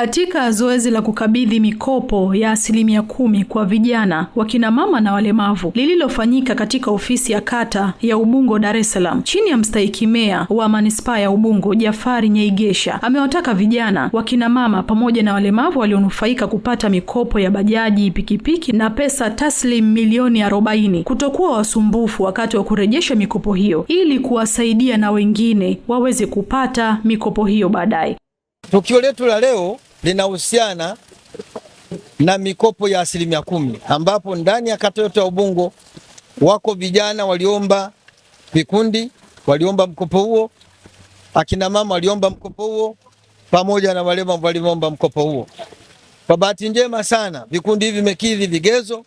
Katika zoezi la kukabidhi mikopo ya asilimia kumi kwa vijana, wakina mama na walemavu lililofanyika katika ofisi ya kata ya Ubungo, Dar es Salaam, chini ya mstahiki meya wa manispaa ya Ubungo Jafari Nyeigesha, amewataka vijana, wakina mama pamoja na walemavu walionufaika kupata mikopo ya bajaji, pikipiki na pesa taslim milioni arobaini kutokuwa wasumbufu wakati wa kurejesha mikopo hiyo ili kuwasaidia na wengine waweze kupata mikopo hiyo baadaye. Tukio letu la leo linahusiana na mikopo ya asilimia kumi ambapo ndani ya kata yote ya Ubungo wako vijana waliomba vikundi, waliomba mkopo huo, akina mama waliomba mkopo huo, pamoja na walema waliomba mkopo huo. Kwa bahati njema sana vikundi hivi vimekidhi vigezo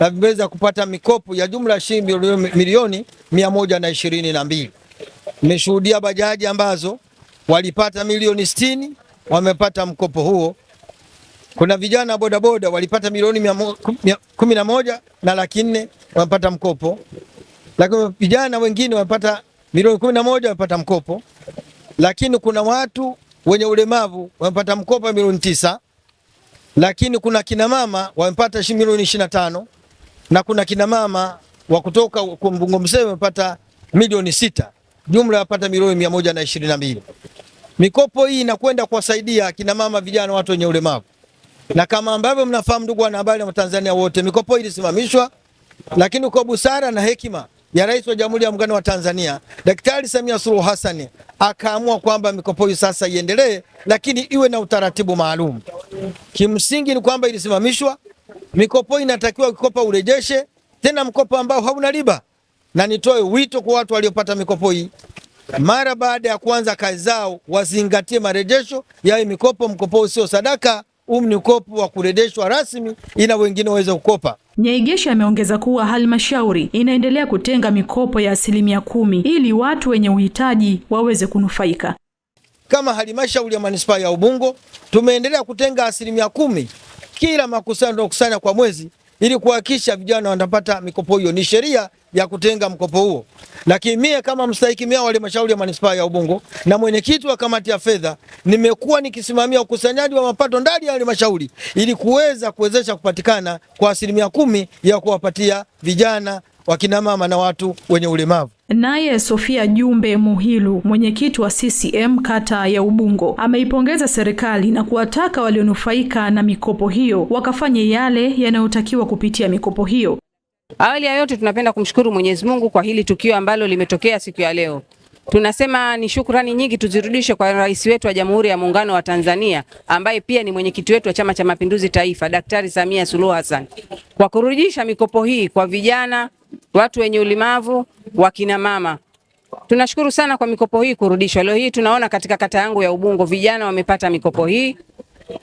na vimeweza kupata mikopo ya jumla ya shilingi milioni mia moja na ishirini na mbili. Nimeshuhudia bajaji ambazo walipata milioni sitini wamepata mkopo huo. Kuna vijana bodaboda walipata milioni kumi na moja na laki nne wamepata mkopo, lakini vijana wengine wamepata milioni kumi na moja wamepata mkopo, lakini kuna watu wenye ulemavu wamepata mkopo wa milioni tisa, lakini kuna kina mama wamepata milioni ishirini na tano na kuna kina mama wa kutoka Mbungomsee wamepata milioni sita, jumla wamepata milioni mia moja na ishirini na mbili. Mikopo hii inakwenda kuwasaidia kina mama, vijana, watu wenye ulemavu, na kama ambavyo mnafahamu, ndugu wanahabari na Watanzania wote, mikopo hii ilisimamishwa, lakini kwa busara na hekima ya Rais wa Jamhuri ya Muungano wa Tanzania Daktari Samia Suluhu Hassan akaamua kwamba mikopo hii sasa iendelee, lakini iwe na utaratibu maalum. Kimsingi ni kwamba ilisimamishwa mikopo hii, inatakiwa kukopa urejeshe tena, mkopo ambao hauna riba. Na nitoe wito kwa watu waliopata mikopo hii mara baada ya kuanza kazi zao wazingatie marejesho ya mikopo. Mkopo usio sadaka huu ni mkopo wa kurejeshwa rasmi, ila wengine waweze kukopa. Nyaigesha ameongeza kuwa halmashauri inaendelea kutenga mikopo ya asilimia kumi ili watu wenye uhitaji waweze kunufaika. Kama halmashauri ya manispaa ya Ubungo tumeendelea kutenga asilimia kumi kila makusanyo tunakusanya kwa mwezi ili kuhakikisha vijana wanapata mikopo hiyo. Ni sheria ya kutenga mkopo huo, lakini mie kama mstahiki meya wa halmashauri ya manispaa ya Ubungo na mwenyekiti wa kamati ya fedha, nimekuwa nikisimamia ukusanyaji wa mapato ndani ya halmashauri ili kuweza kuwezesha kupatikana kwa asilimia kumi ya kuwapatia vijana wakina mama na watu wenye ulemavu. Naye Sofia Jumbe Muhilu, mwenyekiti wa CCM kata ya Ubungo, ameipongeza serikali na kuwataka walionufaika na mikopo hiyo wakafanye yale yanayotakiwa kupitia mikopo hiyo Awali ya yote tunapenda kumshukuru Mwenyezi Mungu kwa hili tukio ambalo limetokea siku ya leo. Tunasema ni shukrani nyingi tuzirudishe kwa rais wetu wa Jamhuri ya Muungano wa Tanzania ambaye pia ni mwenyekiti wetu wa Chama cha Mapinduzi Taifa, Daktari Samia Suluhu Hassan kwa kurudisha mikopo hii kwa vijana, watu wenye ulemavu, wakina mama. Tunashukuru sana kwa mikopo hii kurudishwa. Leo hii tunaona katika kata yangu ya Ubungo vijana wamepata mikopo hii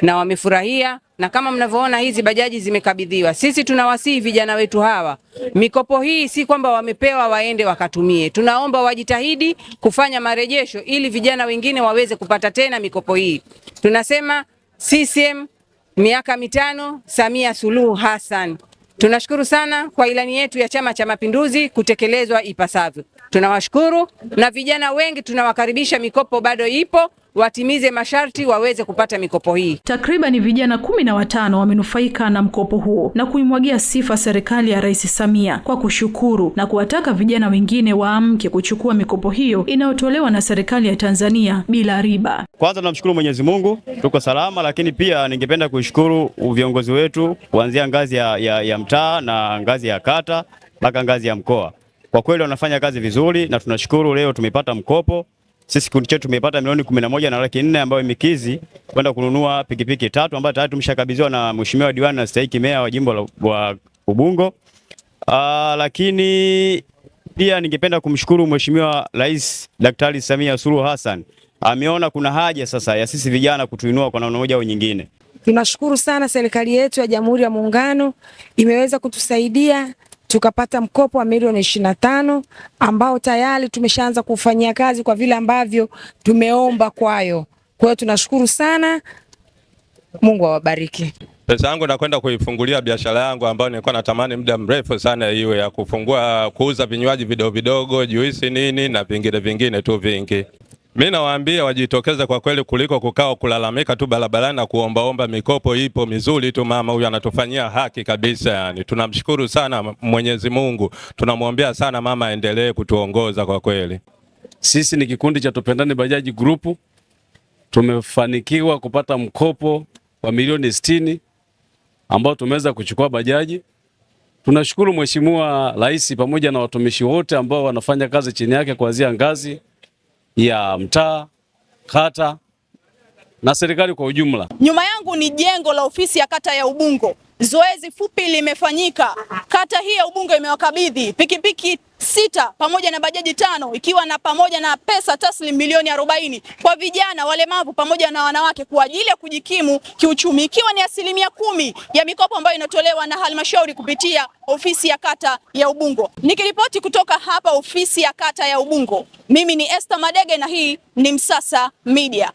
na wamefurahia, na kama mnavyoona hizi bajaji zimekabidhiwa. Sisi tunawasihi vijana wetu hawa, mikopo hii si kwamba wamepewa waende wakatumie, tunaomba wajitahidi kufanya marejesho ili vijana wengine waweze kupata tena mikopo hii. Tunasema CCM miaka mitano, Samia Suluhu Hassan. Tunashukuru sana kwa ilani yetu ya Chama cha Mapinduzi kutekelezwa ipasavyo. Tunawashukuru na vijana wengi tunawakaribisha, mikopo bado ipo watimize masharti waweze kupata mikopo hii. Takriban vijana kumi na watano wamenufaika na mkopo huo na kuimwagia sifa serikali ya Rais Samia kwa kushukuru na kuwataka vijana wengine waamke kuchukua mikopo hiyo inayotolewa na serikali ya Tanzania bila riba. Kwanza tunamshukuru Mwenyezi Mungu tuko salama, lakini pia ningependa kushukuru viongozi wetu kuanzia ngazi ya, ya, ya mtaa na ngazi ya kata mpaka ngazi ya mkoa. Kwa kweli wanafanya kazi vizuri na tunashukuru leo tumepata mkopo sisi kundi chetu tumepata milioni kumi na na laki nne ambayo imekizi kwenda kununua pikipiki tatu ambayo tayari tumeshakabidhiwa na mheshimiwa diwani na stahiki meya wa jimbo la wa Ubungo. Aa, ah, lakini pia ningependa kumshukuru mheshimiwa Rais Daktari Samia Suluhu Hassan ameona kuna haja sasa ya sisi vijana kutuinua kwa namna moja au nyingine. Tunashukuru sana serikali yetu ya Jamhuri ya Muungano imeweza kutusaidia tukapata mkopo wa milioni ishirini na tano ambao tayari tumeshaanza kufanyia kazi kwa vile ambavyo tumeomba kwayo. Kwa hiyo tunashukuru sana, Mungu awabariki. Pesa yangu nakwenda kuifungulia biashara yangu ambayo nilikuwa natamani muda mrefu sana iwe ya kufungua kuuza vinywaji vidogo vidogo, juisi nini na vingine vingine tu vingi. Mi nawaambia wajitokeze kwa kweli, kuliko kukaa kulalamika tu barabarani na kuombaomba mikopo. Ipo mizuri tu, mama huyu anatufanyia haki kabisa. Yani tunamshukuru sana Mwenyezi Mungu, tunamwombea sana mama aendelee kutuongoza kwa kweli. Sisi ni kikundi cha Tupendane Bajaji Group, tumefanikiwa kupata mkopo wa milioni sitini ambao tumeweza kuchukua bajaji. Tunashukuru Mheshimiwa Rais pamoja na watumishi wote ambao wanafanya kazi chini yake kuanzia ngazi ya mtaa, kata na serikali kwa ujumla. Nyuma yangu ni jengo la ofisi ya kata ya Ubungo. Zoezi fupi limefanyika kata hii ya Ubungo, imewakabidhi pikipiki sita pamoja na bajaji tano ikiwa na pamoja na pesa taslim milioni arobaini kwa vijana walemavu pamoja na wanawake kwa ajili ya kujikimu kiuchumi, ikiwa ni asilimia kumi ya mikopo ambayo inatolewa na halmashauri kupitia ofisi ya kata ya Ubungo. Nikiripoti kutoka hapa ofisi ya kata ya Ubungo, mimi ni Esther Madege na hii ni Msasa Media.